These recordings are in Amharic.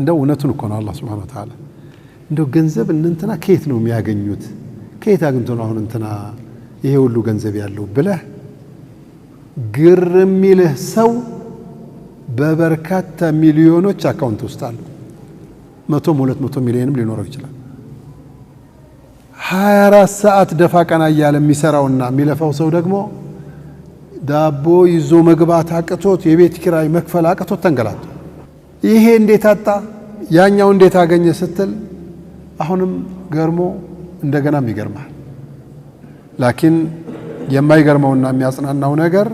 እንደው እውነቱን እኮ ነው አላህ ስብሐነሁ ወተዓላ እንደው ገንዘብ እንንትና ከየት ነው የሚያገኙት? ከየት አግኝቶ ነው አሁን እንትና ይሄ ሁሉ ገንዘብ ያለው ብለህ ግር የሚልህ ሰው በበርካታ ሚሊዮኖች አካውንት ውስጥ አሉ። መቶም ሁለት መቶ ሚሊዮንም ሊኖረው ይችላል። ሀያ አራት ሰዓት ደፋ ቀና እያለ የሚሰራውና የሚለፋው ሰው ደግሞ ዳቦ ይዞ መግባት አቅቶት የቤት ኪራይ መክፈል አቅቶት ተንገላቶ ይሄ እንዴት አጣ ያኛው እንዴት አገኘ ስትል አሁንም ገርሞ እንደገናም ይገርማል። ላኪን የማይገርመውና የሚያጽናናው ነገር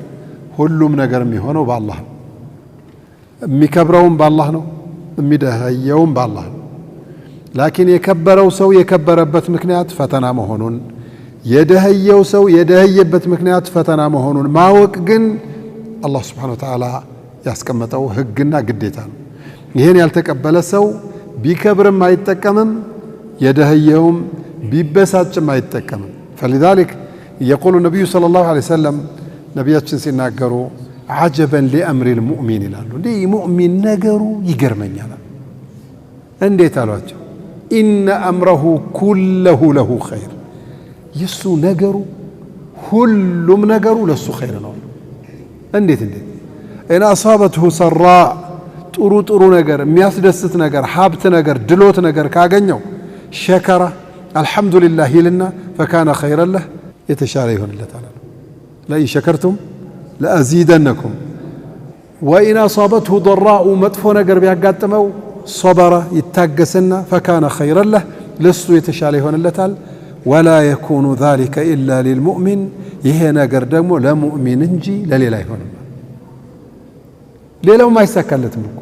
ሁሉም ነገር የሚሆነው በአላህ ነው። የሚከብረውም በአላህ ነው፣ የሚደህየውም በአላህ ነው። ላኪን የከበረው ሰው የከበረበት ምክንያት ፈተና መሆኑን፣ የደህየው ሰው የደህየበት ምክንያት ፈተና መሆኑን ማወቅ ግን አላህ ስብሓነ ወተዓላ ያስቀመጠው ህግና ግዴታ ነው። ይህን ያልተቀበለ ሰው ቢከብርም አይጠቀምም፣ የደህየውም ቢበሳጭም አይጠቀምም። ፈሊዛሊክ የቆሉ ነቢዩ ሰለላሁ ዐለይሂ ወሰለም ነቢያችን ሲናገሩ አጀበን ሊአምሪ ልሙእሚን ይላሉ። እንዲህ ሙእሚን ነገሩ ይገርመኛል። እንዴት አሏቸው? ኢነ አምረሁ ኩለሁ ለሁ ኸይር፣ የእሱ ነገሩ ሁሉም ነገሩ ለእሱ ኸይር ነው። እንዴት እንዴት እን አሳበትሁ ሰራእ ጥሩ ጥሩ ነገር የሚያስደስት ነገር ሀብት ነገር ድሎት ነገር ካገኘው ሸከረ አልሐምዱሊላህ ይልና ፈካነ ኸይረለህ የተሻለ ይሆንለታል። ለኢን ሸከርቱም ለአዚደነኩም ወኢን አሳበትሁ ዶራኡ መጥፎ ነገር ቢያጋጥመው ሶበረ ይታገስና ፈካነ ኸይረለህ ለሱ የተሻለ ይሆንለታል። ወላ የኩኑ ዛሊከ ኢላ ሊልሙእሚን ይሄ ነገር ደግሞ ለሙእሚን እንጂ ለሌላ አይሆንም። ሌላውም አይሳካለትም እኮ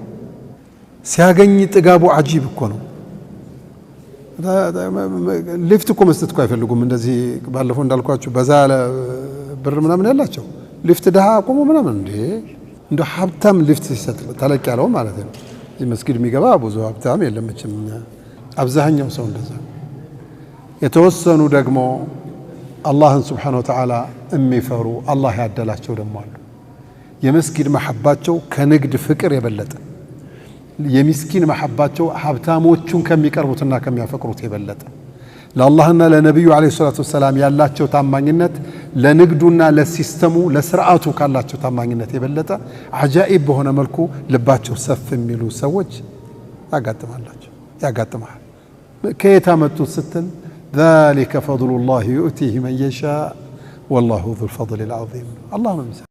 ሲያገኝ ጥጋቡ አጂብ እኮ ነው። ሊፍት እኮ መስጠት እኮ አይፈልጉም። እንደዚህ ባለፈው እንዳልኳችሁ በዛ ያለ ብር ምናምን ያላቸው ሊፍት ድሃ አቆሙ ምናምን እንዴ እንደ ሀብታም ሊፍት ሲሰጥ ተለቅ ያለው ማለት ነው። እዚህ መስጊድ የሚገባ ብዙ ሀብታም የለም አብዛኛው ሰው እንደዛ። የተወሰኑ ደግሞ አላህን ስብሓነሁ ወተዓላ የሚፈሩ አላህ ያደላቸው ደግሞ አሉ። የመስጊድ መሐባቸው ከንግድ ፍቅር የበለጠ የሚስኪን መሐባቸው ሀብታሞቹን ከሚቀርቡትና ከሚያፈቅሩት የበለጠ ለአላህና ለነቢዩ ዓለይሂ ሰላቱ ወሰላም ያላቸው ታማኝነት ለንግዱና ለሲስተሙ ለስርዓቱ ካላቸው ታማኝነት የበለጠ አጃኢብ በሆነ መልኩ ልባቸው ሰፍ የሚሉ ሰዎች ያጋጥማላቸው ያጋጥመሃል። ከየት አመጡት ስትል ዛሊከ ፈድሉላህ ዩእቲህ መን የሻ ወላሁ ዙልፈድል ልዓዚም አላህ ነው የሚሰ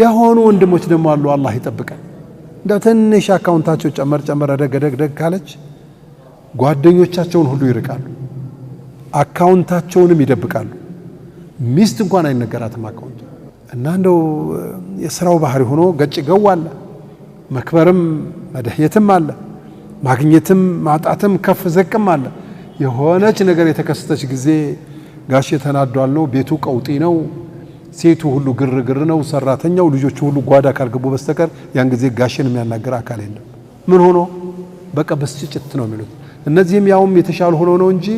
የሆኑ ወንድሞች ደግሞ አሉ። አላህ ይጠብቀን። እንደ ትንሽ አካውንታቸው ጨመር ጨመር ደግ ደግ ደግ ካለች ጓደኞቻቸውን ሁሉ ይርቃሉ፣ አካውንታቸውንም ይደብቃሉ። ሚስት እንኳን አይነገራትም አካውንት እና እንደው የስራው ባህሪ ሆኖ ገጭ ገው አለ፣ መክበርም መደህየትም አለ፣ ማግኘትም ማጣትም ከፍ ዝቅም አለ። የሆነች ነገር የተከሰተች ጊዜ ጋሽ ተናዷል ነው ቤቱ ቀውጢ ነው ሴቱ ሁሉ ግርግር ነው። ሰራተኛው፣ ልጆቹ ሁሉ ጓዳ ካልገቡ በስተቀር ያን ጊዜ ጋሽን የሚያናገር አካል የለም። ምን ሆኖ በቃ ብስጭት ነው የሚሉት። እነዚህም ያውም የተሻለ ሆኖ ነው እንጂ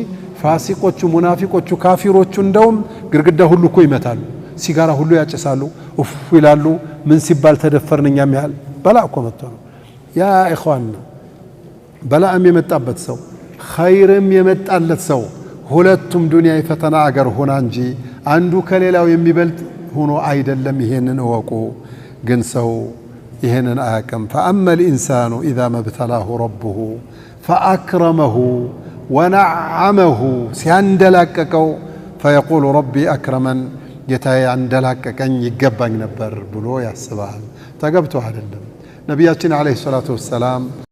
ፋሲቆቹ፣ ሙናፊቆቹ፣ ካፊሮቹ እንደውም ግድግዳ ሁሉ እኮ ይመታሉ፣ ሲጋራ ሁሉ ያጭሳሉ፣ ኡፍ ይላሉ። ምን ሲባል ተደፈርን እኛም ያህል በላ እኮ መጥቶ ነው ያ ኢኽዋን በላም በላእም የመጣበት ሰው ኸይርም የመጣለት ሰው ሁለቱም ዱንያ የፈተና አገር ሆና እንጂ አንዱ ከሌላው የሚበልጥ ሆኖ አይደለም። ይሄንን እወቁ። ግን ሰው ይሄንን አያቅም። ፈአማ ልኢንሳኑ ኢዛ መብተላሁ ረብሁ ፈአክረመሁ ወነዓመሁ ሲያንደላቀቀው ፈየቁሉ ረቢ አክረመን ጌታ ያንደላቀቀኝ ይገባኝ ነበር ብሎ ያስባል። ተገብቶ አይደለም ነቢያችን ዓለይሂ ሰላቱ ወሰላም